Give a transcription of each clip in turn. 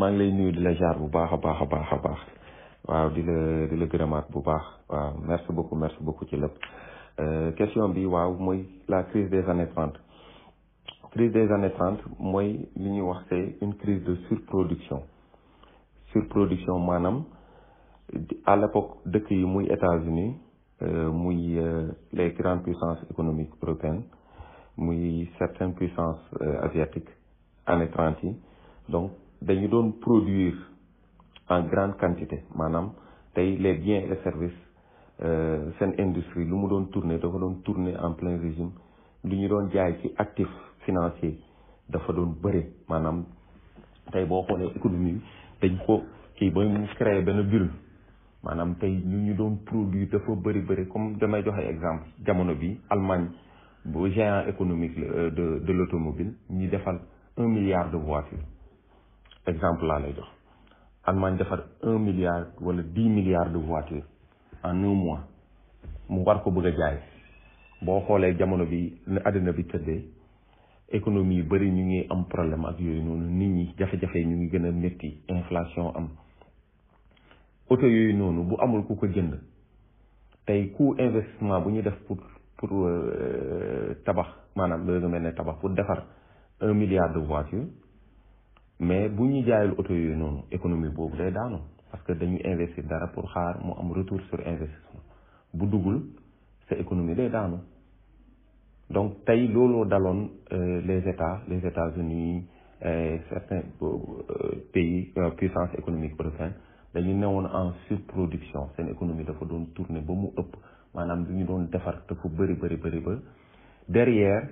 maa ngi lay nuyu di la jaar bu baax a baax a baax a baax waaw di la di bu baax waaw merci beaucoup merci beaucoup ci lépp euh, question bi waaw mooy la crise des années trente crise des années trente mooy li ñuy wax c'est une crise de surproduction surproduction maanaam à l'époque dëkk yi muy États-Unis euh, muy euh, les grandes puissances économiques européennes muy certaines puissances asiatiques années trente yi donc dañu doon produire en grande quantité maanaam tey les bien et les services euh, seen industrie lu mu doon tourner dafa doon tourner en plein régime lu ñu doon jaay ci actif financier dafa doon bëri maanaam tey boo xoolee économie bi dañ ko kii ba mu créé benn bulle maanaam tey ñu ñu doon produit dafa bëri bëri comme damay joxe exemple jamono bi Allemagne bu géant économique euh, de de l'automobile ñu defal un milliard de voitures exemple laa lay jox Allemagne defar un milliard wala dix milliards de voitures en un mois mu war ko bëgg a jaay boo xoolee jamono bi ne àddina bi tëddee économie yu bëri ñu ngi am problème ak yooyu noonu nit ñi jafe-jafe ñu ngi gën a métti inflation am oto yooyu noonu bu amul ku ko jënd tey coût investissement bu ñu def pour pour euh, tabax maanaam loolu nga mel ne tabax pour defar un milliard de voitures mais bu ñu jaayul oto yooyu noonu économie boobu day daanu parce que dañuy investir dara pour xaar mu am retour sur investissement bu duggul sa économie day daanu donc tey looloo daloon euh, les états les États-Unis euh, certains euh, pays puissance économique européenne dañu newoon en surproduction seen économie dafa doon tourner ba mu ëpp maanaam lu ñu doon defar dafa bëri bëri bëri ba derrière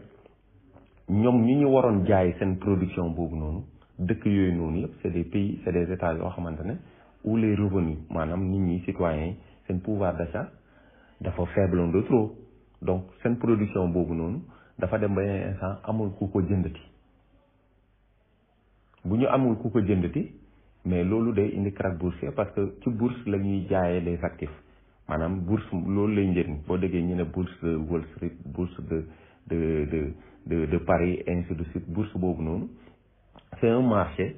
ñoom ñu ñu waroon jaay seen production boobu noonu dëkk yooyu noonu yëpp c'est des pays c'est des états yoo xamante ne où les revenus maanaam nit ñi citoyens yi seen pouvoir d'achat dafa faible de trop donc seen production boobu noonu dafa dem ba yeneen amul ku ko jëndati bu ñu amul ku ko jëndati mais loolu de indi krach boursier parce que ci bourse la ñuy jaayee les actifs maanaam bourse loolu lay njëriñ boo déggee ñu ne bourse de Wall Street bourse de de de de de Paris ainsi bourse boobu noonu. c'est un marché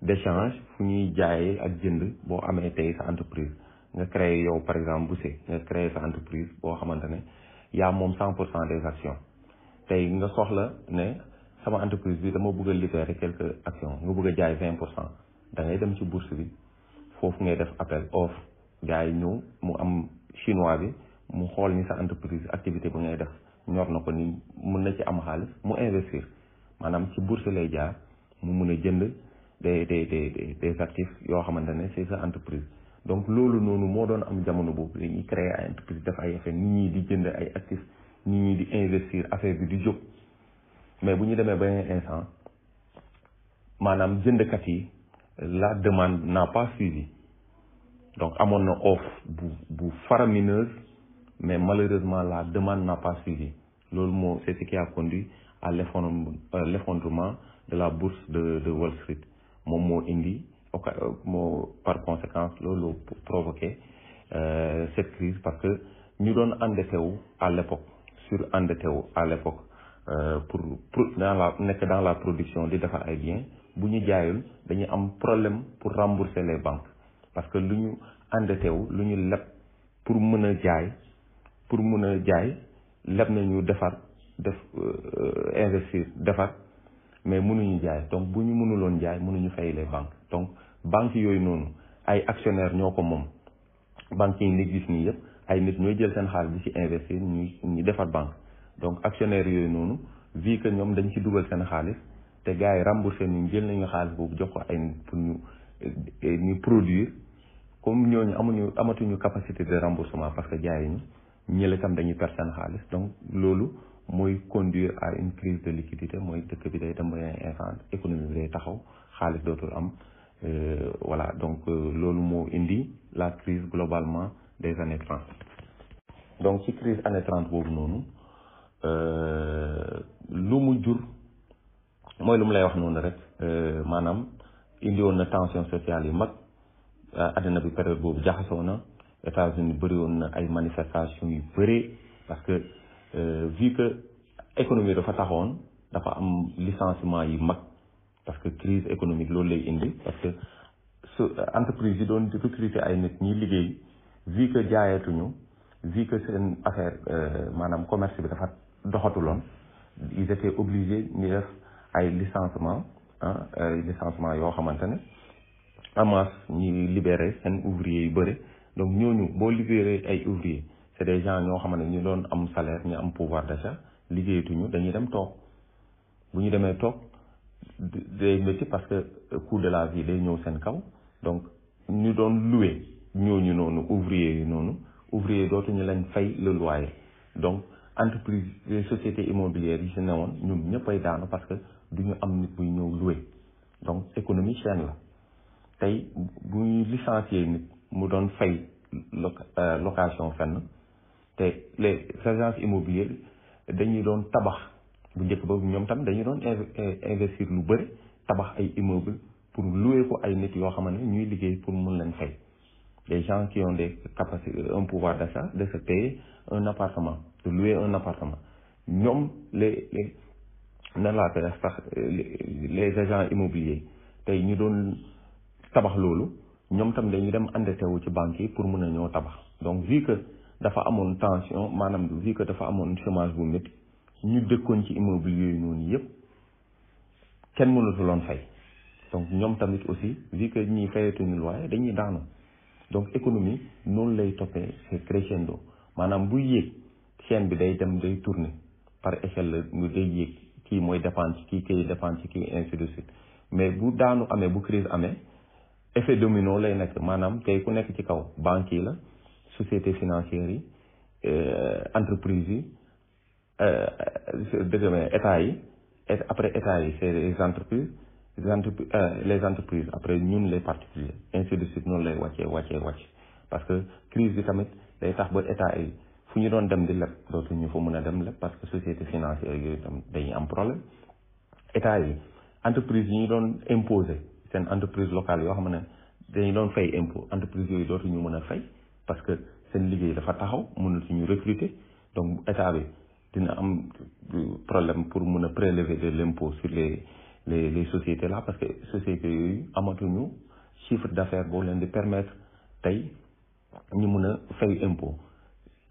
d'échange fu ñuy jaayee ak jënd boo amee tey sa entreprise nga créé yow par exemple Boucher nga créé sa entreprise boo xamante ne yaa moom cent pour cent des actions tey nga soxla ne sama entreprise bi dama bëgg a libérer quelques actions nga bëgg a jaay vingt pour cent da ngay dem ci bourse bi foofu ngay def appel offre gars yi ñëw mu am chinois bi mu xool ni sa entreprise activité bi ngay def ñor na ko ni mun na ci am xaalis mu investir maanaam ci bourse lay jaar mu mun a jënd des des des des actifs yoo xamante ne c'est sa entreprise donc loolu noonu moo doon am jamono boobu dañuy créer ay entreprise def ay affaire nit ñi di jënd ay actifs nit ñi di investir affaire bi di jóg mais bu ñu demee ba instant maanaam jëndkat yi la demande n'a pas suivi donc amoon na offre bu bu faramineuse mais malheureusement la demande n'a pas suivi loolu moo c'est ce qui a conduit à l'effondrement euh, l'effondrement de la bourse de de Wall Street moom moo indi moo par conséquence loolu provoqué euh, cette crise parce que ñu doon endetté wu à l'époque sur endetté wu à l'époque euh, pour pour dans la nekk dans la production di defar ay biens bu ñu jaayul dañuy am problème pour rembourser les banques parce que lu ñu endetté wu lu ñu leb pour mën a jaay pour mën a jaay leb nañu defar def euh, euh, investir defar mais mënuñu jaay donc bu ñu mënuloon jaay mënuñu fay les banque donc banques yooyu noonu ay actionnaires ñoo ko moom banques yi ni gis nii yëpp ay nit ñooy jël seen xaalis di ci investir ñuy ñu defar banque donc actionnaires yooyu noonu vie que ñoom dañu ci dugal seen xaalis te gars yi ni ñu jël nañu xaalis boobu jox ko ay nit pour ñu eh, ñu produire comme ñooñu amuñu amatuñu capacité de remboursement parce que jaay ñu ñële dañuy perte seen xaalis donc loolu mooy conduire à une crise de liquidité mooy dëkk bi day dem ba yenn instant économie bi day taxaw xaalis dootul am euh, voilà donc euh, loolu moo indi la crise globalement des années trente donc ci crise année trente boobu noonu euh, lu mu jur mooy lu mu lay wax noonu rek maanaam indi woon na tension sociale yu mag àddina bi période boobu jaxasoo na États-Unis bëri woon na ay manifestations yu bëree parce que Euh, vu que économie dafa taxoon dafa am licenciement yi mag parce que crise économique loolu lay indi parce que su entreprise yi doon recruter ay nit ñi liggéey vu que jaayatuñu vu que seen affaire euh, maanaam commerce bi dafa doxatuloon ils étaient obligés ñu def ay licenciement ah ay licenciement yoo xamante ne en masse ñi libéré seen ouvrier yu bëri donc ñooñu boo libéré ay ouvrier c'est des gens ñoo xamante ne ñu doon am salaire ñu am pouvoir d'achat liggéeyatuñu dañuy dem toog bu ñu demee toog day métti parce que coût de la vie day ñëw seen kaw donc ñu doon loué ñu noonu ouvrier yi noonu ouvrier dootuñu lañ fay le loyer donc entreprise les sociétés immobilières yi si newoon ñun ñëpp ay daanu parce que du ñu am nit buy ñëw loué donc économie chaîne la tey bu ñu licencier nit mu doon fay euh, location fenn te les agences immobilières dañuy doon tabax bu njëkk ba ñoom tam dañuy doon investir lu bëri tabax ay immeuble pour louer ko ay nit yoo xamane ne ñuy liggéey pour mun leen fay des gens qui ont des capacités euh, un pouvoir d'achat de se payer un appartement de ñoom les les nan sax euh, les agents immobiliers tey ñu doon tabax loolu ñoom tam dañu dem andetewu ci banque yi pour mun a ñëw tabax donc vu que dafa amoon tension maanaam vu que dafa amoon chômage bu métti ñu dëkkoon ci immeuble yooyu noonu yëpp kenn loon fay donc ñoom tamit aussi vu que ñiy ñu loyer dañuy daanu donc économie noonu lay toppee c'est maanaam buy yéeg chaîne bi day dem day tourner par échelle la ñu day yéeg kii mooy dépendre ci kii kay dépendre ci kii ainsi mais bu daanu amee bu crise amee effet domino lay nekk maanaam tey ku nekk ci kaw banque yi la société financières yi euh, entreprise yi euh, désormais état yi et après état yi c'est les entreprises euh, les entreprises après ñun les particuliers ainsi de suite noonu lay wàccee wàccee wàcce parce que crise bi tamit day tax ba état yi fu ñu doon dem di leb dootu ñu fa mën a dem leb parce que société financière yooyu tam dañuy am problème état yi entreprise yi ñu doon imposer seen entreprise locale yoo xam ne dañu doon fay impôt entreprise yooyu dootu ñu mën a fay parce que seen liggéey dafa taxaw mënul suñu recruter donc état bi dina am problème pour mun a prélever de l'impôt sur les les les sociétés là parce que sociétés yooyu amatuñu chiffre d'affaires boo leen di permettre tey ñu mun a fay impôt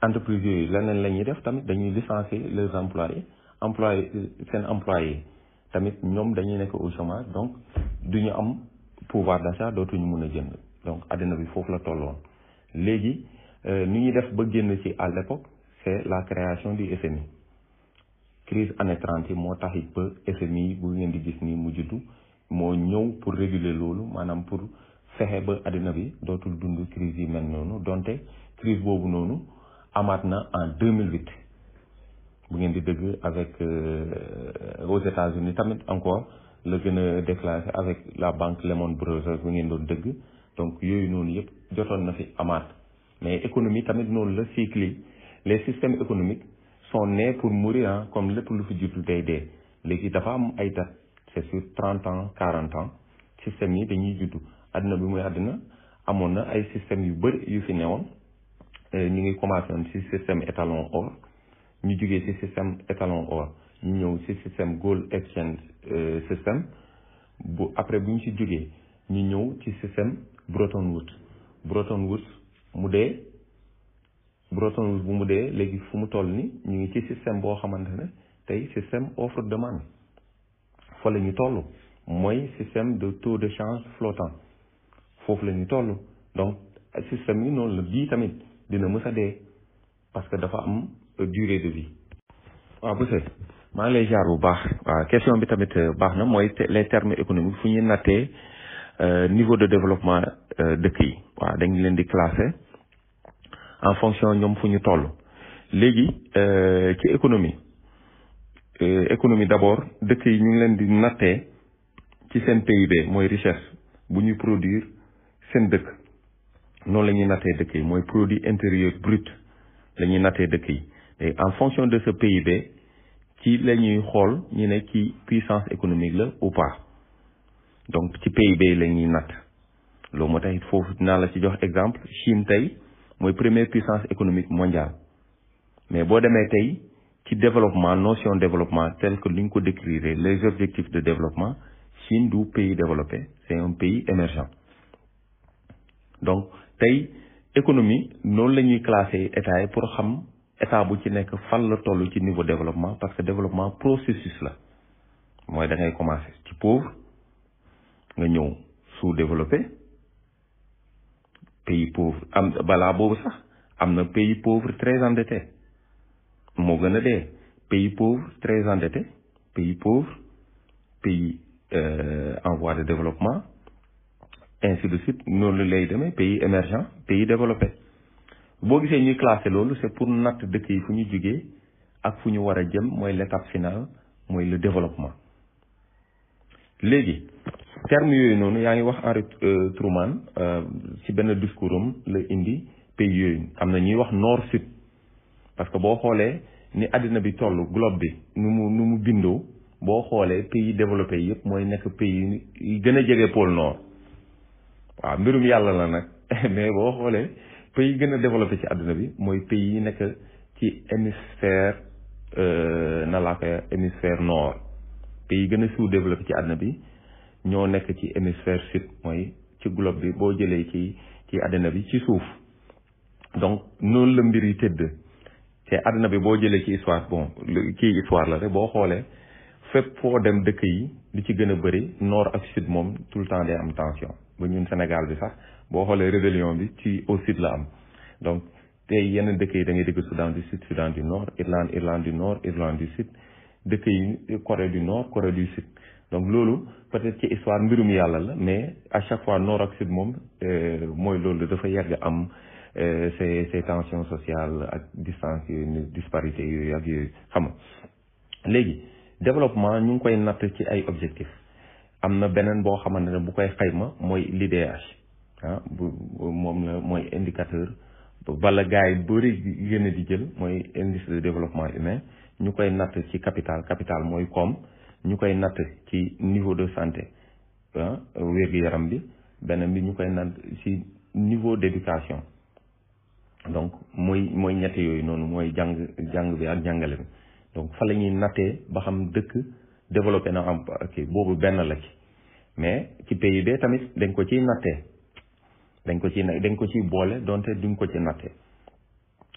entreprise yooyu leneen la ñuy def tamit dañuy licencier leurs employés employé seen employé tamit ñoom dañuy nekk au chômage donc duñu am pouvoir d'achat dootuñu mun a jënd donc àddina bi foofu la tolloon léegi euh, ni ñuy def ba génn ci à l'époque c'est la création du FMI crise année 30 yi moo tax it ba FMI bu ngeen di gis nii mu juddu moo ñëw pour réguler loolu maanaam pour fexe ba àddina bi dootul dund crise yi mel noonu donte crise boobu noonu amaat na en 2008 bu ngeen di dëgg avec euh, aux États-Unis tamit encore la gën a déclenché avec la banque Lehman Brothers bu ngeen doon dëgg donc yooyu noonu yëpp jotoon na fi amaat mais économie tamit noonu la cycle yi les systèmes économiques sont nés pour mourir comme lépp lu fi jiitu day dee léegi dafa am ay date c'est sur trente ans quarante ans système yi dañuy juddu àdduna bi muy àddina amoon na ay systèmes yu bëri yu fi newoon euh, ñu ngi commencé woon ci système étalon or ñu jugee ci système étalon or ñu ñëw ci système gold exchange euh, système bu après bu ñu ci jugee ñu ñëw ci système Bretton Woods Bretton Woods mu dee Bretton Woods bu mu dee léegi fu mu toll nii ñu ngi ci système boo xamante ne tey système offre demande fa ñu toll mooy système de taux de change flottant foofu la ñu toll donc système yi noonu la bii tamit dina mës a dee parce que dafa am durée de vie. waaw monsieur maa ngi lay jaar bu baax. waa question bi tamit baax na mooy les termes économie fu ñuy nattee. Euh, niveau de développement euh, dëkk yi waaw dañ leen di classer en fonction ñoom fu ñu toll léegi euh, ci économie économie d'abord dëkk yi ñu ngi leen di nattee ci seen PIB mooy richesse bu ñuy produire seen dëkk noonu la ñuy nattee dëkk yi mooy produit intérieur brut la ñuy nattee dëkk yi et en fonction de ce PIB ci la ñuy xool ñu ne ci puissance économique la ou pas donc ci PIB la ñuy natt loolu moo tax foofu dinaa la ci jox exemple Chine tey mooy première puissance économique mondiale mais boo demee tey ci développement notion développement tel que li ñu ko décrire les objectifs de développement Chine du pays développé c'est un pays émergent donc tey économie noonu la ñuy classer état yi pour xam état bu ci nekk fan la toll ci niveau développement parce que développement processus la mooy da ngay commencer ci nga ñëw sous-développé pays pauvre am balaa boobu sax am na pays pauvre très endetté moo gën a dee pays pauvre très endetté pays pauvre pays euh, en voie de développement ainsi de suite noonu lay demee pays émergent pays développé boo gisee ñuy classé loolu c'est pour natt dëkk yi fu ñu jugee ak fu ñu war a jëm mooy l'étape finale mooy le développement léegi terme yooyu noonu yaa ngi wax Henri euh, Truman euh, ci benn discours am la indi pays yooyu am na ñuy wax nord sud parce que boo xoolee ni àddina bi toll globe bi nu mu nu mu bindoo boo xoolee pays développé yëpp mooy nekk pays yi gën a jege pôle nord waaw mbirum yàlla la nag mais boo xoolee pays yi gën a développé ci àdduna bi mooy pays yi nekk ci hémisphère euh, na laa koy hémisphère nord pays gën a sous-développé ci àddina bi ñoo nekk ci hémisphère sud mooy ci globe bi boo jëlee ci ci àddina bi ci suuf donc noonu la mbir yi tëdd te àddina bi boo jëlee ci histoire bon kii histoire la rek boo xoolee fépp foo dem dëkk yi li ci gën a bëri noor ak sud moom tout le temps day am tension ba ñun senegal bi sax boo xoolee rébellion bi ci au sud la am donc te yenn dëkk yi da ngay dégg Soudan du Sud Soudan du Nord Irlande Irlande du dëkk yi Corée du Nord Corée du Sud donc loolu peut-être ci histoire mbirum yàlla la mais à chaque fois nord ak sud moom euh, mooy loolu dafa yàgg am euh, ces ces tensions sociales ak distance yooyu disparité yooyu ak yooyu xam nga léegi développement ñu ngi koy natt ci ay objectif am na beneen boo xamante ne bu koy xayma mooy l'IDH ah bu moom la mooy indicateur bala gars yi bëri gën a di jël mooy indice de développement humain ñu koy natt ci capital capital mooy koom ñu koy natt ci niveau de santé ah wér yaram bi beneen bi ñu koy natt ci niveau d'éducation donc mooy mooy ñette yooyu noonu mooy jàng jàng bi ak jàngale bi donc fa la ñuy nattee ba xam dëkk développé na am kii boobu benn la ci mais ci PIB tamit dañ ko ci nattee dañ ko ciy dañ ko ciy boole donte duñ ko ci nattee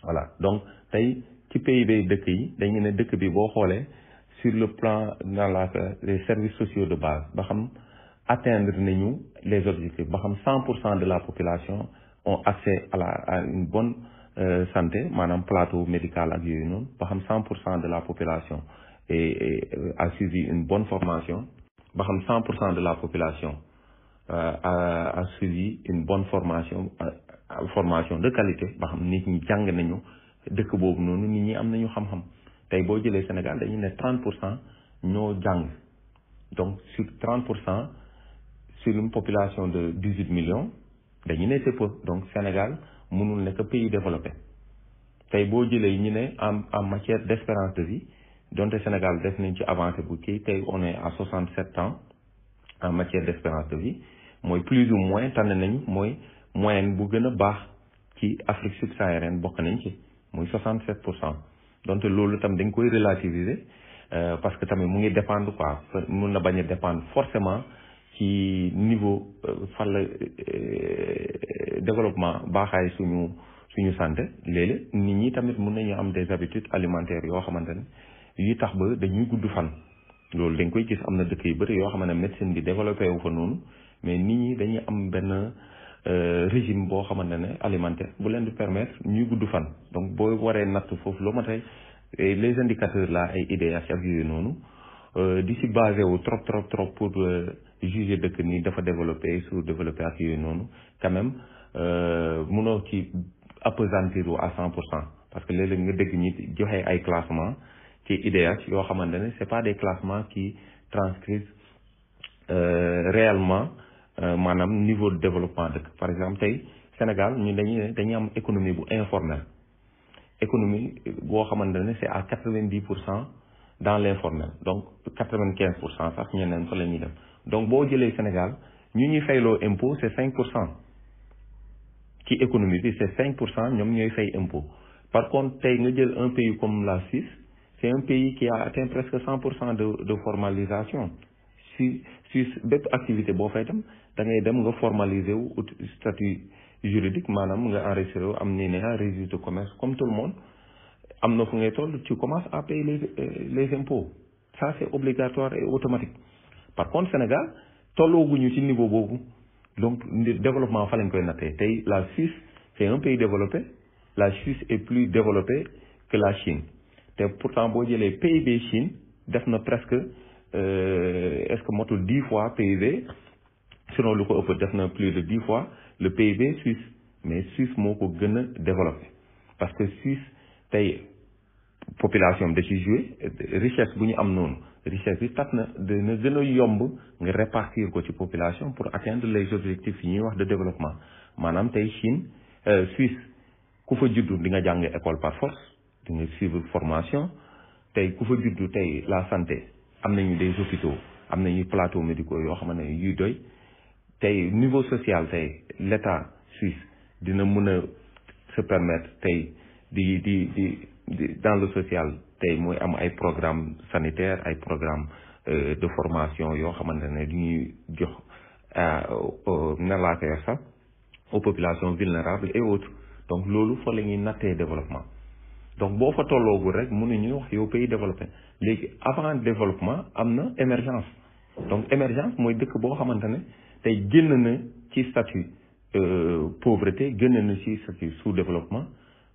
voilà donc tey ci PIB dëkk yi dañu ne dëkk bi boo xoolee sur le plan dans la les services sociaux de base ba xam atteindre nañu les objectifs ba xam cent pour cent de la population ont accès à la à une bonne euh, santé maanaam plateau médical ak yooyu noonu ba xam cent pour cent de la population et, et euh, a suivi une bonne formation ba xam cent pour cent de la population euh, a, a une bonne formation euh, formation de qualité ba xam nit ñi jàng nañu dëkk boobu noonu nit ñi am nañu xam-xam tey boo jëlee Sénégal dañu ne 30 pour cent ñoo jàng donc sur 30 pour cent sur une population de 18 million dañu ne c'est donc Sénégal mënul nekk pays développé tey boo jëlee ñu ne en en matière d'espérance de vie donte Sénégal def nañ ci avancé bu kii tey on est à 67 ans en matière d'espérance de vie mooy plus ou moins tànn nañ mooy moyen bu gën a baax ci Afrique subsaharienne bokk nañ ci. muy 67 pour cent donte loolu tam dañ koy relativiser euh, parce que tamit mu ngi dépendre quoi mun na bañ a dépendre forcément ci niveau euh, fan la euh, développement baaxaay suñu suñu santé léeg-léeg nit ñi tamit mun nañu am des habitudes alimentaires yoo xamante ne yu tax ba dañuy gudd fan loolu dañ koy gis am na dëkk yu bëri yoo xamante ne médecine bi développé wu fa noonu mais nit ñi dañuy am benn Euh, régime boo xamante ne alimentaire bu leen di permettre ñuy gudd fan donc boo waree natt foofu loo ma tey les indicateurs là ay IDH ak yooyu noonu euh, di si basé wu trop trop trop pour euh, juger dëkk nii dafa développé sous-développé ak yooyu noonu quand même mënoo ci appesantir à cent pour cent parce que léeg-léeg nga dégg ñi joxee ay classement ci IDH yoo xamante ne c'est pas des classements qui transcrivent réellement Euh, maanaam niveau de développement dëkk par exemple tey Sénégal ñu dañuy dañuy am économie bu informel économie euh, boo xamante ne c'est à quatre-vingt-dix pour cent dans l'informel donc quatre-vingt-quinze pour cent sax ñeneen fa la ñuy dem donc boo jëlee Sénégal ñu ñuy fayloo impôt c'est cinq pour cent ci économie bi c'est cinq pour cent ñoom ñooy fay impôt par contre tey nga jël un pays comme la Suisse c'est un pays qui a atteint presque cent pour cent de de formalisation si si bépp activité boo fay dem da ngay dem nga formaliser wu ut statut juridique maanaam nga enregistré wu am ni ne registre de commerce comme tout le am na fu ngay toll tu commences à payer les euh, les impôts ça automatique par contre Sénégal tollooguñu ci niveau boobu donc développement fa lañ koy nattee tey la Suisse c'est un pays développé la Suisse est plus développée que la Chine te pourtant boo jëlee PIB Chine def na presque euh, est-ce que motul dix fois PIB sinon lu ko ëpp def na plus de dix fois le PIB Suisse mais Suisse moo ko gën a parce que Suisse tey population da ci joué richesse bu ñu am noonu richesse yi tax na dina gën a yomb nga répartir ko ci population pour atteindre les objectifs yi ñuy wax de développement maanaam tey Chine euh, Suisse ku fa juddu di nga jàng école par force di nga suivre formation tey ku fa juddu tey la santé am nañu des hôpitaux am nañu plateau médicaux yoo xam ne yuy doy tey niveau social tey l'État suisse dina mun a se permettre tey di di di dans le social tey mooy am ay programme sanitaire ay programme euh, de formation yoo xamante ne du ñuy jox na laa koy sax aux populations vulnérables et autres donc loolu fa la ñuy nattee développement donc boo fa tolloogul rek ñuy wax yow pays développé léegi avant développement am na émergence donc émergence mooy dëkk boo xamante ne tey génn na ci statut euh, pauvreté génn na ci statut sous développement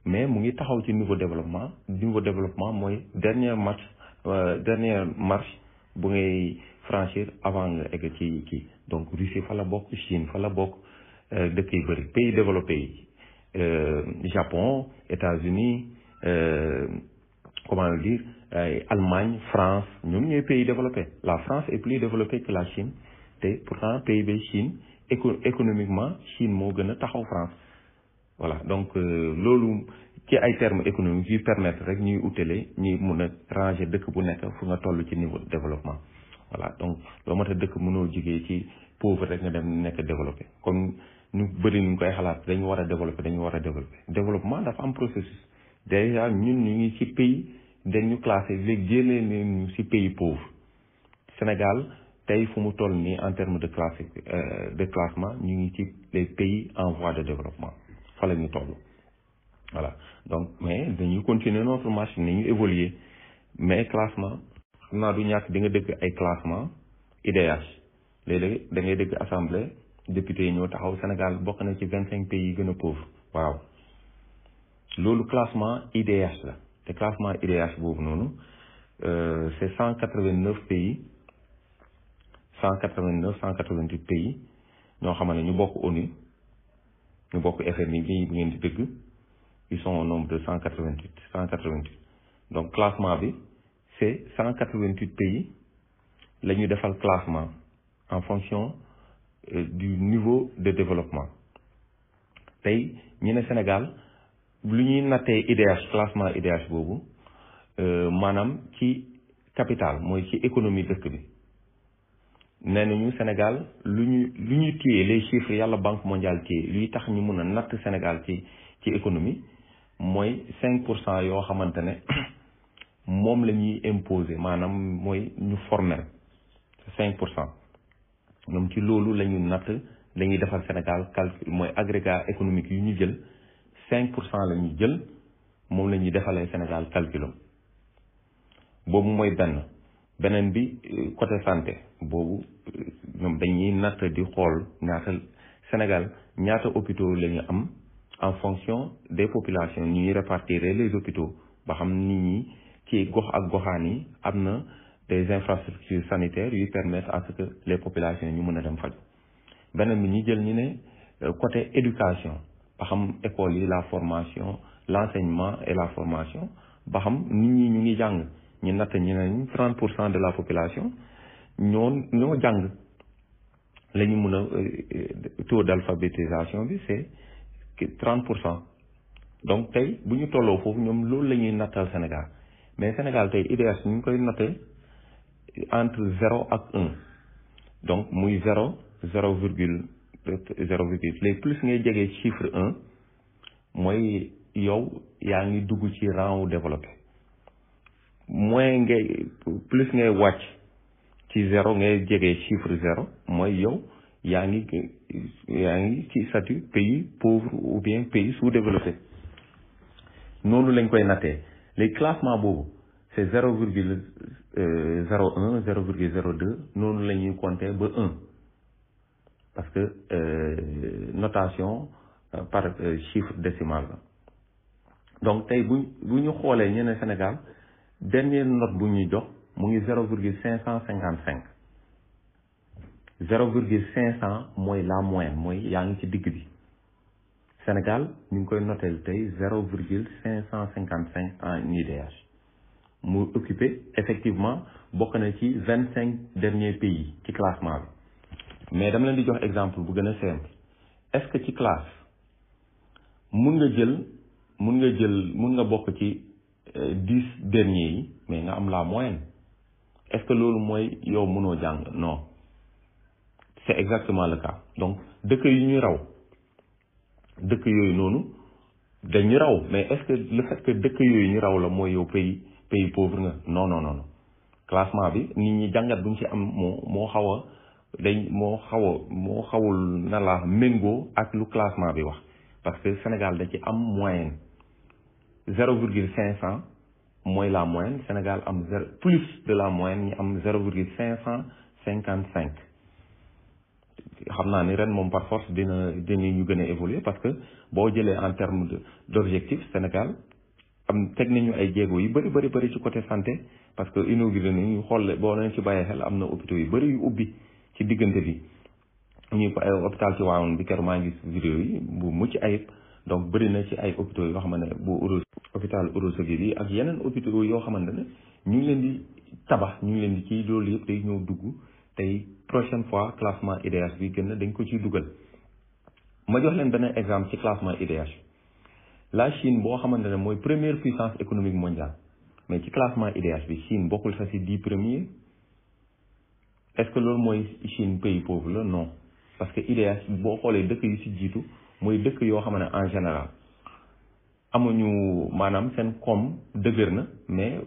mais mu ngi taxaw ci nouveau développement nouveau développement mooy dernière marche euh, dernière marche bu ngay franchir avant nga egg ci kii donc Russie fa la bokk Chine fa la bokk euh, dëkk yu bëri pays développé yi Japon États-Unis comment le dire Allemagne France ñoom ñooy pays développé la France est plus développée que la Chine te pourtant PIB Chine éco économiquement Chine moo gën a taxaw France voilà donc euh, loolu ci ay économique économiques yuy permettre rek ñuy utale ñu mun a ranger dëkk bu nekk fu nga toll ci niveau développement voilà donc loo mat a mënoo jugee ci pauvre rek nga dem nekk développé comme ñu bëri ñu koy xalaat dañu war a développé dañu war a développé développement dafa am processus déjà ñun ñu ngi ci pays dañu classé léegi jëlee ñu ci pays pauvre Sénégal tey fu mu toll nii en terme de classe euh, de classement ñu ngi ci les pays en de développement fa la ñu toll voilà donc mais dañuy continuer notre marche nañu évoluer mais classement xam naa du ñàkk di nga dégg ay classement IDH léeg-léeg da ngay dégg assemblée député yi ñoo taxaw Sénégal bokk na ci vingt cinq pays yi gën a pauvre waaw loolu classement IDH la te classement IDH boobu noonu euh, c'est cent quatre-vingt-neuf pays 189 188 pays ñoo xam ne ñu bokk ONU ñu bokk FMI bi bu ngeen di dëgg il sont au nombre de 188 188 donc classement bi c'est 188 pays la ñu defal classement en fonction euh, du niveau de développement tey ñu ne Sénégal lu ñuy nattee IDH classement IDH boobu euh, maanaam ci capital mooy ci économie dëkk bi nee nañu Sénégal lu ñu lu ñuy téye les chiffres yàlla banque mondiale téye luy tax ñu mën a natt Sénégal ci ci économie mooy cinq pour cent yoo xamante ne moom la ñuy imposer maanaam mooy ñu formel cinq pour cent ñoom ci loolu la ñu natt dañuy defar Sénégal calcul mooy agrégat économique yu ñu jël cinq pour cent la jël moom la ñuy defalee Sénégal calculum boobu mooy benn beneen bi euh, côté santé boobu euh, ñoom dañuy natt di xool ñaata Sénégal ñaata hôpitaux la ñu am en fonction des populations ñu ñuy répartir les hôpitaux ba xam nit ñi ci gox ak goxaan yi am na des infrastructures sanitaires yuy permettre a ce que les populations ñu mën a dem faju beneen bi ñu jël ñu ne euh, côté éducation ba xam école yi la formation l'enseignement et la formation ba xam nit ñi ñu ngi jàng ñu natt ñu ne trente pour cent de la population ñoo ñoo jàng la ñu mun a euh, euh, taux d' bi c' est pour cent donc tey bu ñu tolloo foofu ñoom loolu la ñuy nattal Sénégal mais Sénégal tey IDH ñu ngi koy noté entre zéro ak un donc muy zéro zéro virgule zéro virgule léegi plus ngay jege chiffre un mooy yow yaa ngi dugg ci rang wu développé. moins ngay plus ngay wàcc ci zéro ngay jege chiffre zéro mooy yow yaa ngi yaa ngi ci statut pays pauvre ou bien pays sous-développé noonu lañ koy nattee léegi classement boobu c'est zéro virgule euh, zéro un zéro virgule zéro deux noonu la ñuy compter ba un parce que euh, notation euh, par euh, chiffre décimal la donc tey bu bu ñu xoolee ñu ne Sénégal dernière note bu ñuy jox mu ngi zéro virgule cinq cent cinquante cinq zéro virgule cinq cent mooy la moyenne mooy yaa ngi ci digg bi Sénégal ñu ngi koy noteel tey zéro virgule cinq cent cinquante cinq en IDH mu occupé effectivement bokk na ci vingt cinq dernier pays ci classement bi mais dama leen di jox exemple bu gën a simple est-ce que ci classe mun nga jël mun nga jël mun nga bokk ci dix derniers yi mais nga am la moyenne est-ce que loolu mooy yow mënoo jàng non c'est exactement le cas donc dëkk yu ñu raw dëkk yooyu noonu dañu raw mais est-ce que le fait dëkk yooyu ñu raw la mooy yow pays pays pauvre nga non non non classement bi nit ñi jàngat bu ñu ci am moo moo xaw a dañ moo xaw a moo xawul na la méngoo ak lu classement bi wax parce que Sénégal da am moyenne zéro virgule cinq cent mooy la moyenne Sénégal am zéro plus de la moyenne ñu am zéro virgule cinq cent cinquante cinq xam naa ni ren moom par force dina dina ñu gën a évoluer parce que boo jëlee en terme de d'objectif Sénégal am teg nañu ay jéego yu bëri bëri bëri ci côté santé parce que inauguré nañu ñu xool boo leen ci bàyyee xel am na hôpitaux yu bëri yu ubbi ci diggante bi ñuy hôpital ci waawoon bi keroog maa ngi vidéo yi bu mucc ayib donc bëri na ci ay hôpitaux yoo xamante ne bu Ouro hôpital Ouro Sogui bi ak yeneen hôpitaux yoo xamante ne ñu ngi leen di tabax ñu ngi leen di kii loolu yëpp day ñëw dugg tey prochaine fois classement IDH bi gën na dañ ko ciy dugal ma jox leen benn exemple ci classement IDH la Chine boo xamante ne mooy première puissance économique mondiale mais ci classement IDH bi Chine bokkul sax ci dix premiers est-ce que loolu mooy Chine pays pauvre la non parce que IDH boo xoolee dëkk yi ci jiitu mooy dëkk yoo xam ne en général amuñu maanaam seen koom dëgër na mais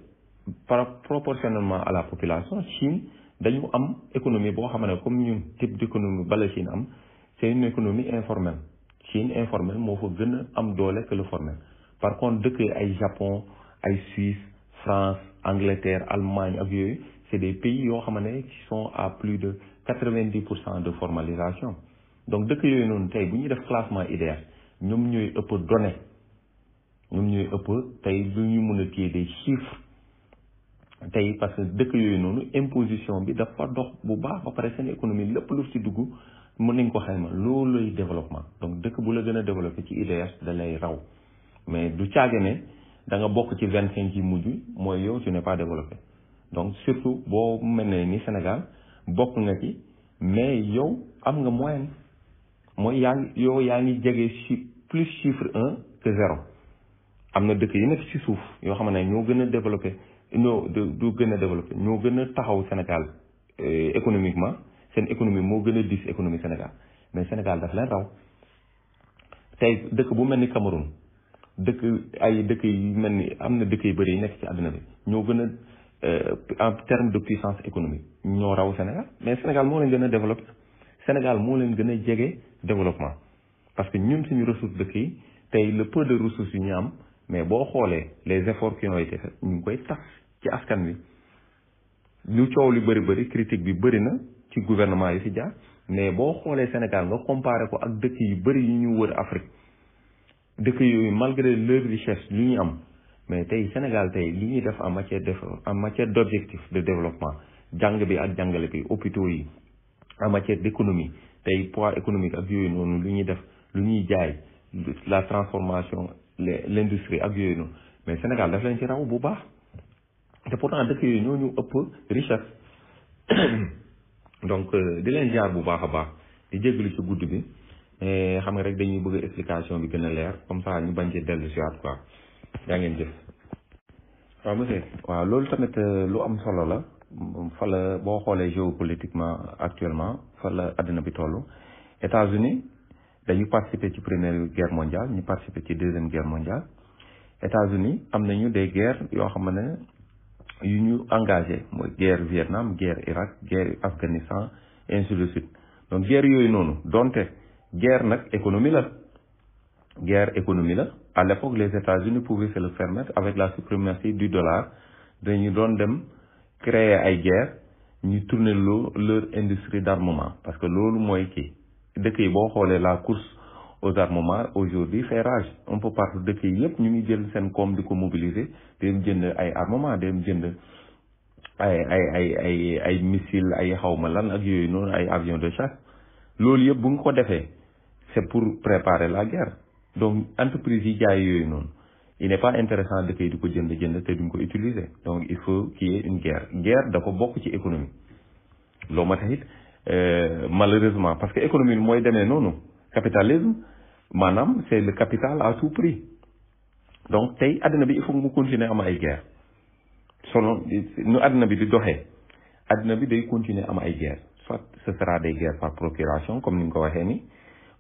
par proportionnellement à la population Chine dañu am économie boo xam ne comme ñun type d'économie bala Chine am c'est une économie informelle Chine informelle moo fa gën am doole que le formel par contre dëkk ay Japon ay Suisse France Angleterre Allemagne ak yooyu c'est des pays yoo xam ne qui sont à plus de quatre-vingt-dix pour cent de formalisation donc dëkk yooyu noonu tey bu ñuy def classement IDR ñoom ñooy ëpp données ñoom ñooy ëpp tey lu ñu mën a téye des chiffres tey parce que dëkk yooyu noonu imposition bi dafa dox bu baax ba pare seen économie lépp lu ci dugg mën nañ ko xayma loolu lay développement donc dëkk bu la gën a développé ci IDR da raw mais du caage ne da bokk ci vingt cinq yi mujj mooy yow tu ne pas développé donc surtout boo mel ne ni Sénégal bokk nga ci mais yow am nga moyen mooy yaa ngi yow yaa ngi jege ci plus chiffre un que zéro am na dëkk yi nekk ci suuf yoo xam ne ñoo gën a développé ñoo du gën a développé ñoo gën a taxaw Sénégal euh, économiquement seen économie moo gën a diis économie Sénégal mais Sénégal daf leen raw tey dëkk bu mel ni Cameroun dëkk ay dëkk yu mel ni am na dëkk yu bëri yi nekk ci àdduna bi ñoo gën a euh, en terme de puissance économique ñoo raw Sénégal mais Sénégal moo leen gën a développé Sénégal moo leen gën a jege. développement parce que ñun suñu ressource dëkk yi tey le peu de ressources yu ñu am mais boo xoolee les efforts qui ñu koy tas ci askan wi lu coow lu bëri bëri critique bi bëri na ci gouvernement yi si jaar mais boo xoolee Sénégal nga comparé ko ak dëkk yu bëri yu ñu wër Afrique dëkk yooyu malgré di richesse lu ñu am mais tey Sénégal tey li ñuy def en matière def a matière d' objectif de développement jàng bi ak jàngale bi hôpitaux yi en matière d' économie tey poids économique ak yooyu noonu lu ñuy def lu ñuy jaay la transformation le industrie ak yooyu noonu mais Sénégal daf leen ci raw bu baax te pourtant dëkk yooyu ñoo ñu ëpp richesse donc euh, di leen jaar bu baax a baax di jégalu ci gudd bi mais eh, xam nga rek dañuy bëgg explication bi gën a leer comme ça ñu bañ ci dellu si waat quoi yaa ngeen jëf. waaw monsieur waaw loolu tamit euh, lu am solo la fa la boo xoolee géopolitiquement actuellement fa la àddina bi toll États-Unis dañu participer ci première guerre mondiale ñu participer ci deuxième guerre mondiale États-Unis am nañu des guerres yoo xam ne yu ñu engagé mooy guerre Vietnam guerre Irak guerre Afghanistan ainsi de suite donc guerre yooyu noonu donte guerre nag économie la guerre économie la à l'époque les États-Unis pouvaient se le permettre avec la suprématie du dollar dañu doon dem créer ay guerre ñu tourner loo leur industrie d'armement parce que loolu mooy kii dëkk yi boo xoolee la course aux armements aujourd'hui fait rage un peu partout dëkk yi yëpp ñu ngi jël seen koom di ko mobiliser dem jënd ay armement dem jënd ay ay ay ay ay missile ay ma lan ak yooyu noonu ay avion de chasse loolu yëpp bu nga ko defee c'est pour préparer la guerre donc entreprise yi jaay yooyu noonu il n'est pas intéressant dëkk yi di ko jënd jënd te duñ ko utiliser donc il faut qu'il y ait une guerre guerre dafa bokk ci économie loo ma taxit euh, malheureusement parce que économie mooy demee noonu capitalisme maanaam c'est le capital à tout prix donc tey àddina bi il faut mu continuer am ay guerre selon nu àddina bi di doxee àddina bi day continuer am ay guerre soit ce sera des guerres par procuration comme ni nga ko waxee ni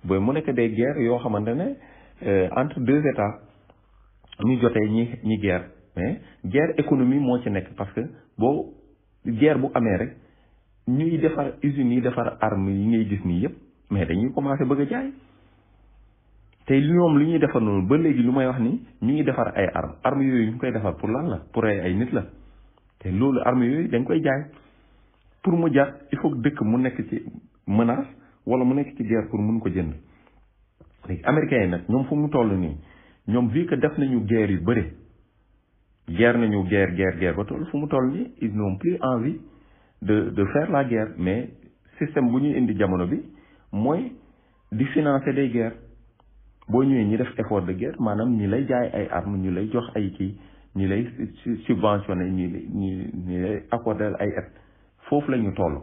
ba mu nekk des guerres yoo xamante ne euh, entre ñu jotee ñi ñi guerre mais guerre économie moo ci nekk parce que boo guerre bu amee rek ñuy defar usines yi defar arme yi ngay gis nii yëpp mais dañuy commencé bëgg a jaay te ñoom li ñuy defar noonu ba léegi lu may wax nii ñu ngi defar ay arme arme yooyu ñu koy defar pour lan la pour ay ay nit la te loolu arme yooyu dañ koy jaay pour mu jar il faut dëkk mu nekk ci menace wala mu nekk ci guerre pour mun ko jënd léegi américains yi nag ñoom fu mu toll nii ñoom vu def nañu guerre yu bëri guerre nañu guerre guerre ba toll fu mu toll nii ils n'ont plus envie de de faire la guerre mais système bu ñuy indi jamono bi mooy di financer des guerres boo ñëwee ñi def effort de guerre maanaam ñi lay jaay ay armes ñu lay jox ay kii ñi lay subventionné ñi ñi ñi lay accordé ay aide foofu la ñu toll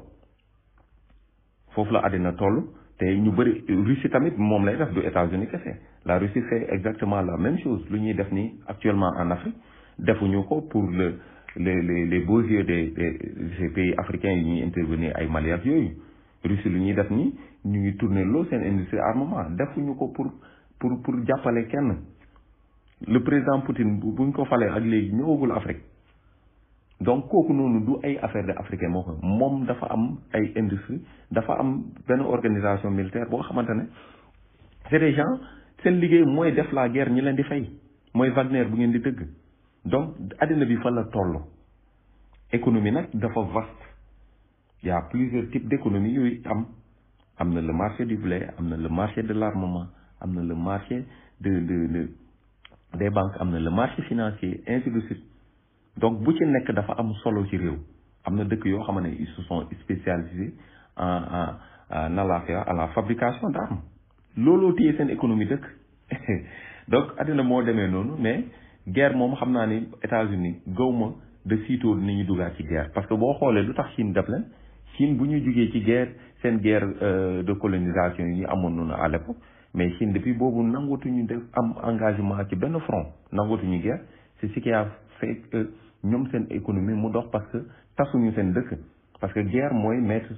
foofu la àddina toll te ñu bëri Russie tamit moom lay def du États-Unis kese la Russie fait exactement la même chose lu ñuy def nii actuellement en Afrique defuñu ko pour le les les les beaux de des ces pays africains yu ñuy intervenir ay Mali yooyu Russie lu ñuy def nii ñu ngi tourner loo seen industrie armement defuñu ko pour pour pour jàppale kenn le président Poutine buñ ko falee ak léegi ñëwagul Afrique donc kooku noonu du ay affaire de africain moo moom dafa am ay industrie dafa am benn organisation militaire boo xamante ne c'est des gens seen liggéey mooy def la guerre ñi leen di fay mooy Wagner bu ngeen di dëgg donc àddina bi fa la toll économie nag dafa vaste y plusieurs types d'économie yooyu am am na le marché du blé am na le marché de l'armement am na le marché de de de des banques am na le marché financier ainsi de donc bu ci nekk dafa am solo ci réew am na dëkk yoo xam ne ils se sont spécialisés en en en à la fabrication d'armes looloo téye seen économie dëkk donc àddina moo demee noonu mais guerre moom xam naa ni États-Unis gaw ma de sitôt ñu dugaat ci guerre parce que boo xoolee lu tax Chine def leen Chine bu ñu jugee ci guerre seen guerre euh, de colonisation yi ñu amoon noonu à mais Chine depuis boobu nangutuñu def am engagement ci benn front nangutuñu guerre a ñoom seen économie mu dox parce que tasuñu seen dëkk parce que guerre mooy mettre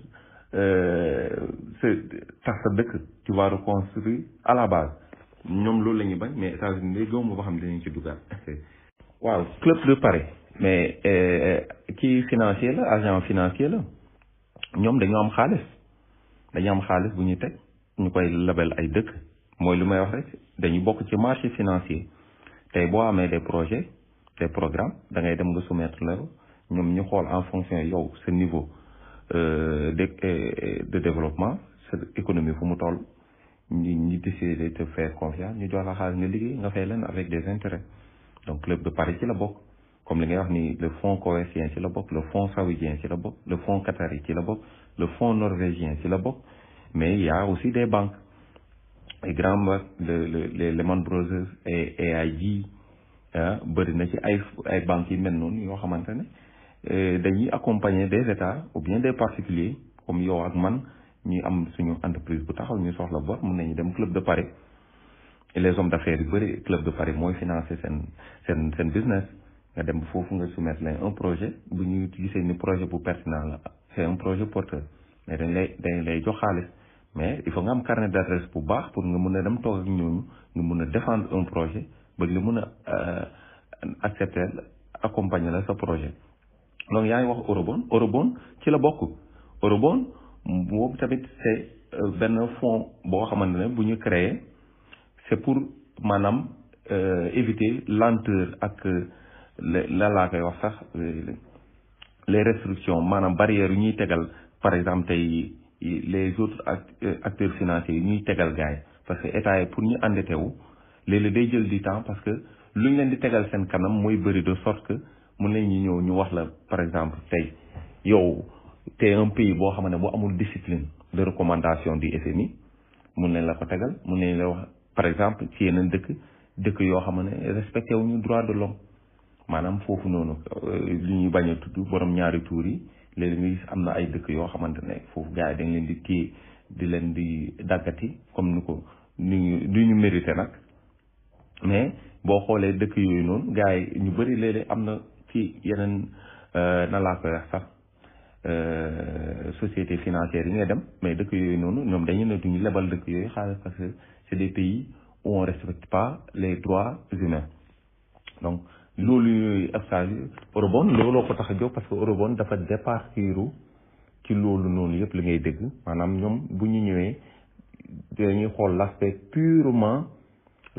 euh, sa tas dëkk tu vas reconstruire à la base ñoom loolu la ñuy bañ mais États-Unis day gëmuma ba xam dinañ ci dugal waaw club de pare mais ci euh, financier la agent financier la ñoom dañoo am xaalis dañu am xaalis bu ñu teg ñu koy label ay dëkk mooy lu may wax rek dañu bokk ci marché financier tey boo amee des projet les programme da ngay dem nga soumettre la ñoom ñu xool en fonction yow sa niveau euh, de euh, de développement sa économie fu mu toll ñi ñi décider de te confiance ñu jox la xaalis nga liggéey nga fay leen avec des intérêts donc club de Paris ci la bokk comme li ngay wax ni le fonds koweïtien ci la bokk le fonds saoudien ci la bokk le fonds qatari ci la bokk le fonds norvégien ci la bokk mais ya aussi des banques les grandes banques les Lehman Brothers et AIG ah bëri na ci ay ay banques yi mel noonu yoo xamante ne euh, dañuy accompagner des états ou bien des particuliers comme yow ak man ñuy am suñu entreprise bu taxaw ñu soxla bor mun nañu dem club de Paris et les hommes d'affaires yu bëri club de Paris mooy financé seen seen seen business nga dem foofu nga soumettre leen un projet bu ñu gisee ni projet bu pertinent la c'est projet porteur mais dañ lay dañ lay jox xaalis mais il faut nga am carnet d'adresse bu baax pour nga mën a de toog ak ñooñu nga mën a défendre un projet ba li mun a euh, accepter accompagner la sa projet donc yaa ngi wax eurobond eurobond ci la bokk eurobond boobu tamit c'est euh, benn fonds boo xamante ne bu ñu créer c'est pour maanaam euh, éviter lenteur ak la laa koy wax sax les restrictions maanaam barrières yu ñuy tegal par exemple tey les autres acteurs financiers yu ñuy tegal gaay parce que état yi pour ñu endetté wu léeg day jël di temps parce que lu ñu leen di tegal seen kanam mooy bëri de sorte que mun nañu ñëw ñu wax la par exemple tey yow tey un pays boo xam ne bu amul discipline de recommandation du FMI mun nañ la ko tegal mun nañ la wax par exemple ci yeneen dëkk dëkk yoo xam ne respecté wu ñu droit de l'homme maanaam foofu noonu euh, li ñuy bañ a tudd borom ñaari tuur yi léeg nga am na ay dëkk yoo xamante ne foofu gars dañ leen di téye di leen di daggati comme ni ko ni ñu mérité nag mais boo xoolee dëkk yooyu noonu gars yi ñu bëri léeg-léeg am na ci yeneen euh, na laa koy wax sax euh, société financière yi ngay dem mais dëkk yooyu noonu ñoom dañu ne duñu lebal dëkk yooyu xaalis parce que c'est des pays où on respecte pas les droits humains donc loolu yooyu absage eurobond looloo ko tax a parce que eurobond dafa départir ci loolu noonu yëpp li ngay dégg maanaam ñoom bu ñu ñëwee dañuy xool l'aspect purement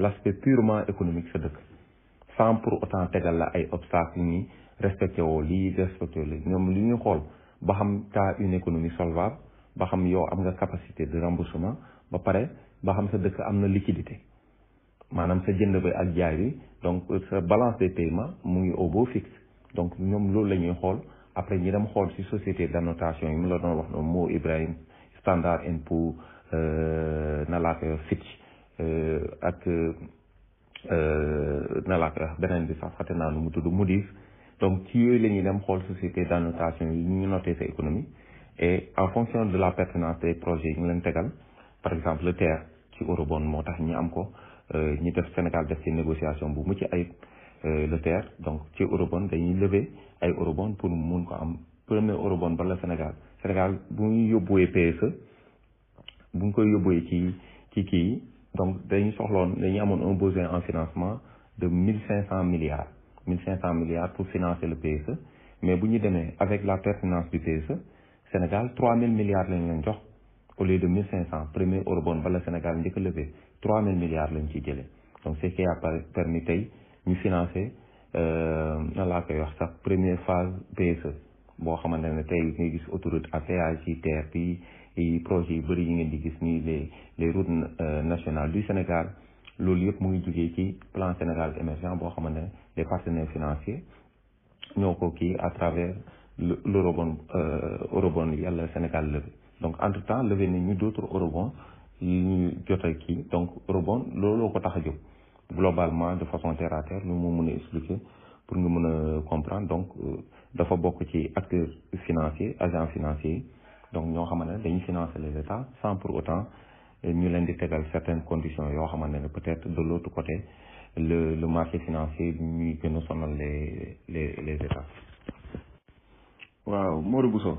l'aspect purement économique sa dëkk sans pour autant tegal la ay obstacles ni respecté woo lii respecté woo lii ñoom li ñu xool ba xam t'as une économie solvable ba xam yow am nga capacité de remboursement ba pare ba xam sa dëkk am na liquidité maanaam sa jënd bi ak jaay bi donc euh, sa balance des paiements mu ngi au beau donc ñoom loolu la ñuy xool après ñi dem xool ci société d'annotation yi mu la doon wax noonu moo Ibrahim Standard and Poor's euh, na laa koy Fitch Euh, ak euh, euh, na la beneen bi sax fàtte naa nu mu tudd Moody's donc ci yooyu la ñuy dem xool société d'annotation yi ñu noté sa économie et en fonction de la pertinence des projets yi ñu leen tegal par exemple le TER ci eurobond moo tax ñu am ko ñi def Sénégal def ci négociation bu mucc ay le TER donc ci eurobond dañuy lever ay eurobond pour mun ko am premier eurobond ba la Sénégal Sénégal bu ñu yóbbuwee PSE bu ñu koy yóbbuwee ci ci kii donc dañu soxloon dañu amoon un besoin en financement de cinq cent milliards mille cinq cent milliards pour financer le PSE mais bu ñu demee avec la pertinence du PSE Sénégal trois mille milliards lañ leen jox au lieu de mille cinq cent premier eurobond bala Sénégal njëkk a levé trois mille milliards lañ ciy jëlee donc ce qui a permis tey ñu financer euh, nan laa koy wax sax première phase PSE boo xamante ne tey ngay gis autoroute à péage ci TER bi projet yu bëri yi ngeen di gis nii les les routes euh, nationales du Sénégal loolu yëpp mu ngi jugee ci plan Sénégal émergent boo xamante ne les partenaires financiers ñoo ko kii à travers l'eurobond euh, eurobond yàlla Sénégal levé donc entre temps levé nañu ñu eurobond yi ñu jot a kii donc eurobond looloo ko tax a jóg globalement de façon terre à terre lu mu mën a expliquer pour nga mën a comprendre donc euh, dafa bokk ci acteurs financiers agents financiers donc ñoo xamante ne dañuy financer les états sans pour autant ñu leen di tegal certaines condition yoo xamante ne peut-être de l'autre côté le le marché financier ñuy gën a sonal les les les états. waaw Modou Bousso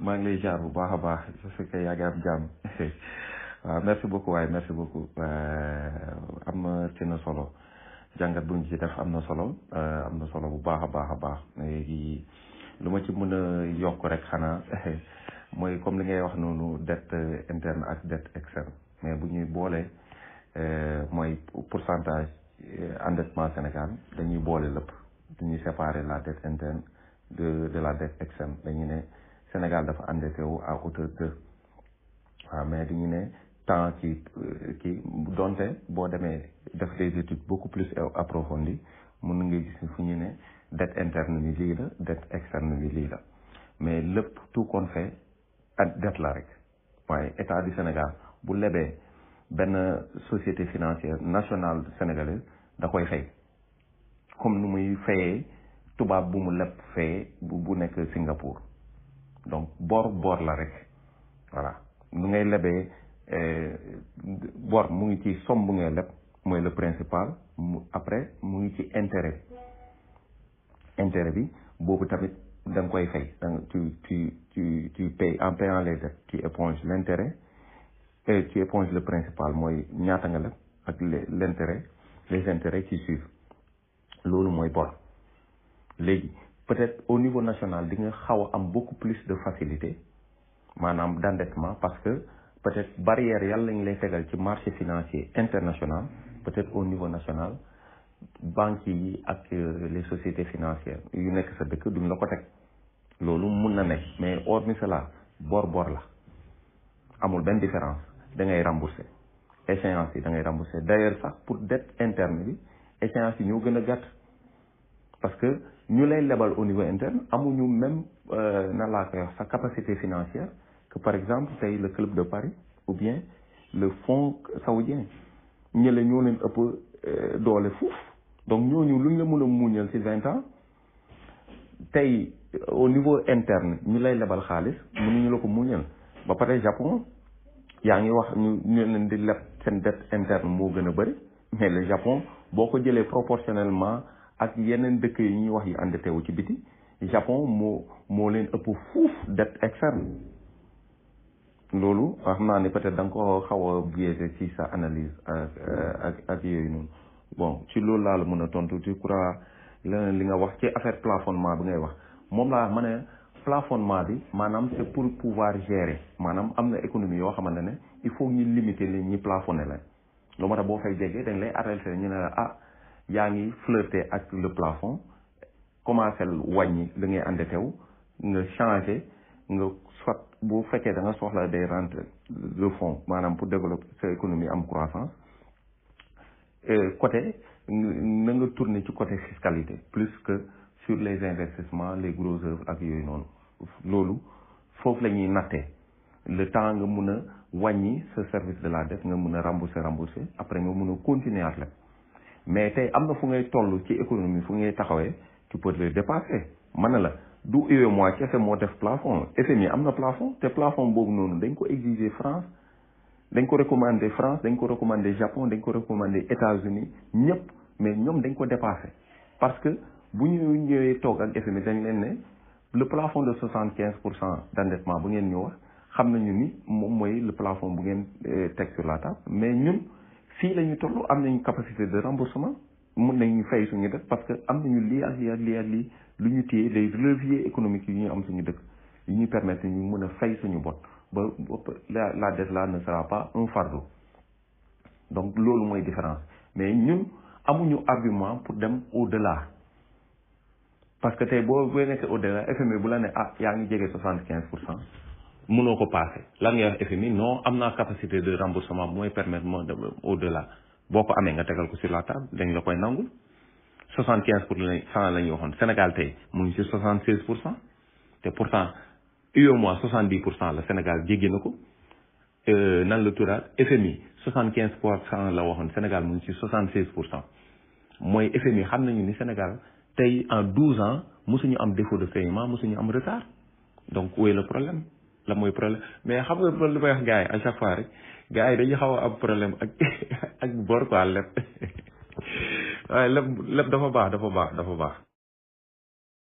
maa ngi lay jaar bu baax a baax je sais que am jàmm waaw merci beaucoup waaye merci beaucoup euh, am na ci na solo jàngat buñ ñu ci def am na solo euh, am na solo bu baax a baax a baax léegi lu ma ci mën a yokk rek xanaa. mooy comme li ngay wax noonu dette interne ak dette externe mais bu ñuy boolee euh, mooy pourcentage euh, endettement Sénégal dañuy boole lépp ñuy séparer la dette interne de de la dette externe dañuy ne Sénégal dafa endetté wu à hauteur de waaw mais dañu ne temps ci euh, kii donte boo demee def des études beaucoup plus approfondies mun nga gis fu ñu ne dette interne bi lii la dette externe bi lii la mais lépp tout compte ak det la rek waaye état du Sénégal bu lebee benn société financière nationale sénégalaise da koy fay comme nu muy fayee tubaab bu mu leb fayee bu bu nekk Singapour donc bor bor la rek voilà nu ngay lebee eh, bor mu ngi ci somme bu ngay leb mooy le principal après mu ngi ci intérêt intérêt bi boobu tamit da koy fay danga ki tu tu tu payes en payant les dettes tu éponges l'intérêt et tu éponges le principal mooy ñaata nga la ak le l'intérêt les intérêts qui suivent loolu mooy bor léegi peut-être au niveau national di nga xaw a am beaucoup plus de facilité maanaam d'endettement parce que peut-être barrière yàlla lañ lay tegal ci marché financier international peut-être au niveau national banque yi ak euh, les sociétés financières yu nekk sa dëkk duñ la ko teg loolu mun na nekk mais hormis cela boor bor la amul benn différence da ngay remboursé échéance yi da ngay remboursé d'ailleurs sax pour dette interne bi échéance yi ñoo gën a gàtt parce que ñu lay lebal au niveau interne amuñu même euh, na laa koy wax sa capacité financière que par exemple tey le club de Paris ou bien le fonds saoudien ñële ñoo leen ëpp euh, doole fuuf donc ñooñu luñ la mën a muñal ci vingt ans tey au niveau interne ñu lay lebal xaalis mënuñu la ko mu muñal ba pare Japon yaa ngi wax ñu ñu leen di leb seen dette interne moo gën a bëri mais le Japon boo ko jëlee proportionnellement ak yeneen dëkk yi ñuy wax yu endetté wu ci biti Japon moo moo leen ëpp fuuf dette loolu xam naa ne peut-être da nga ko xaw a biaisé ci sa analyse ak euh, ak noonu bon ci loolu laa la mën a tontu tu crois leneen li nga wax ci affaire plafonnement bi ngay wax moom laa ma ne plafonnement bi maanaam c'est pour pouvoir gérer maanaam am na économie yoo xamante ne il faut ñu limiter li ñi plafonné la loo ma tax boo fay jegee dañ lay arrêté ñu ne la ah yaa ngi flirter ak le plafond commencé wàññi li ngay ànd teew nga changé nga soit bu fekkee da nga soxla des rent de fonds maanaam pour développer sa économie am croissance euh, côté na nga tourner ci côté fiscalité plus que sur les investissements les grosses œuvres ak yooyu noonu loolu foofu la ñuy nattee le temps nga mun a wàññi sa service de la def nga mun a rembourser rembourser après nga mun a continuer la mais tey am na fu ngay toll ci économie fu ngay taxawee tu peux le dépasser mën na la du mois kese moo def plafond FMI am na plafond te plafond boobu noonu dañ ko exiger France dañ ko recommander France dañ ko recommander Japon dañ ko recommander états uni ñëpp mais ñoom dañ ko bu ñu ñëwee toog ak FMI dañ leen ne le plafond de soixante quinze pour cent d' endettement bu ngeen ñu wax xam nañu ni moom mooy le plafond bu ngeen euh, teg sur la mais ñun fii la ñu toll am nañu capacité de remboursement mun nañu fay suñu def parce que am ñu lii ak lii ak lii ak lii lu ñu téye les leviers économiques yu ñu am suñu dëkk yu ñuy permettre ñu mën a fay suñu bot ba la la dette là ne sera pas un fardeau donc loolu mooy différence mais ñun amuñu argument pour dem au delà parce que tey boo boo nekkee au delà FMI bu la ne ah yaa ngi jege soixante quinze pour cent mënoo ko passé lan ngay wax FMI non am naa capacité de remboursement bu may permettre moo au delà boo ko amee nga tegal ko sur la table dañ la koy nangul soixante quinze pour cent la ñuy waxoon Sénégal tey mu ngi ci soixante seize pour temps te pourtant UEMOA soixante dix pour cent la Sénégal jéggi na ko euh, nan la turaat FMI soixante quinze pour cent la waxoon Sénégal mu ngi ci soixante seize pour cent mooy FMI xam nañu ni Sénégal. tey en douze ans mosuñu am défaut de paiement mosuñu am retard donc où est problème la mooy problème mais xam nga loolu li may yi à chaque fois rek gars yi dañuy xaw a am problème ak ak bor quoi lépp waaye lépp lépp dafa baax dafa baax dafa baax